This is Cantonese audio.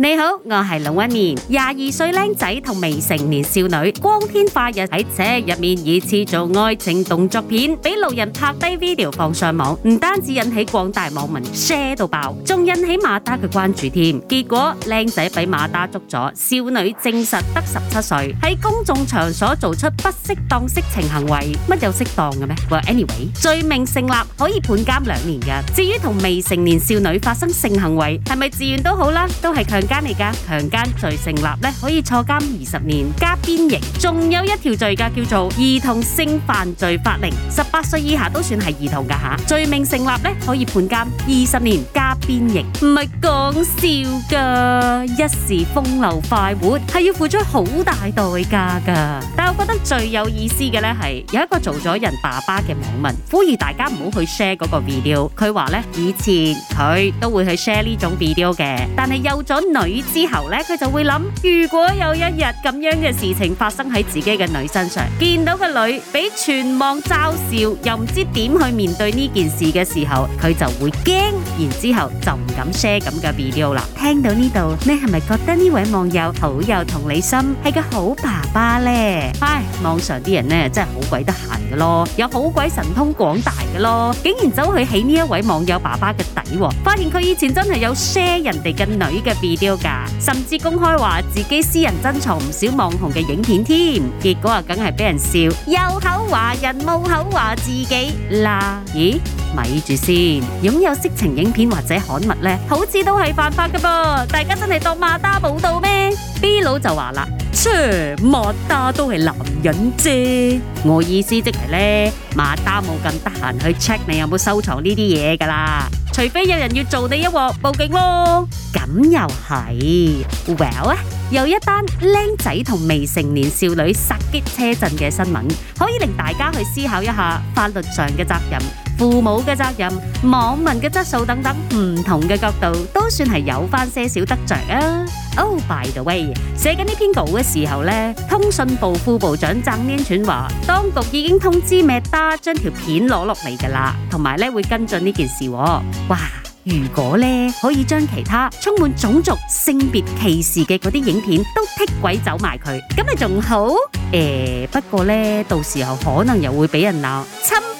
你好，我係龍紋敏。廿二歲靚仔同未成年少女光天化日喺車入面疑似做愛情動作片，俾路人拍低 video 放上網，唔單止引起廣大網民 share 到爆，仲引起馬達嘅關注添。結果靚仔俾馬達捉咗，少女證實得十七歲，喺公眾場所做出不適當色情行為，乜有適當嘅咩？Well，Anyway，罪名成立，可以判監兩年㗎。至於同未成年少女發生性行為，係咪自願都好啦，都係強。間嚟噶強姦罪成立，可以坐監二十年加鞭刑。仲有一條罪噶，叫做兒童性犯罪法令，十八歲以下都算係兒童噶吓。罪名成立可以判監二十年。邊形唔係講笑噶，一時風流快活係要付出好大代價噶。但係我覺得最有意思嘅呢，係有一個做咗人爸爸嘅網民，呼籲大家唔好去 share 嗰個 video。佢話呢，以前佢都會去 share 呢種 video 嘅，但係有咗女之後呢，佢就會諗，如果有一日咁樣嘅事情發生喺自己嘅女身上，見到個女俾全網嘲笑，又唔知點去面對呢件事嘅時候，佢就會驚，然之後。就唔敢 share 咁嘅 video 啦。聽到呢度，你係咪覺得呢位網友好有同理心，係個好爸爸呢？唉，網上啲人呢真係好鬼得閒噶咯，有好鬼神通廣大噶咯，竟然走去起呢一位網友爸爸嘅底，發現佢以前真係有 share 人哋嘅女嘅 video 噶，甚至公開話自己私人珍藏唔少網紅嘅影片添，結果啊，梗係俾人笑，有口話人，冇口話自己啦？咦？咪住先，擁有色情影片或者刊物咧，好似都係犯法嘅噃。大家真係當馬打冇到咩？B 佬就話啦，切，馬打都係男人啫。我意思即係咧，馬打冇咁得閒去 check 你有冇收藏呢啲嘢噶啦。除非有人要做你一鑊報警咯，咁又係。Well 啊，有一單靚仔同未成年少女 SAKIT 車震嘅新聞，可以令大家去思考一下法律上嘅責任、父母嘅責任、網民嘅質素等等唔同嘅角度，都算係有翻些少得着啊。Oh, by the way，寫緊呢篇稿嘅時候咧，通訊部副部長鄭念泉話，當局已經通知 Meta 將條片攞落嚟噶啦，同埋咧會跟進呢件事。哇，如果咧可以將其他充滿種族性別歧視嘅嗰啲影片都剔鬼走埋佢，咁咪仲好。誒、欸，不過咧到時候可能又會俾人鬧侵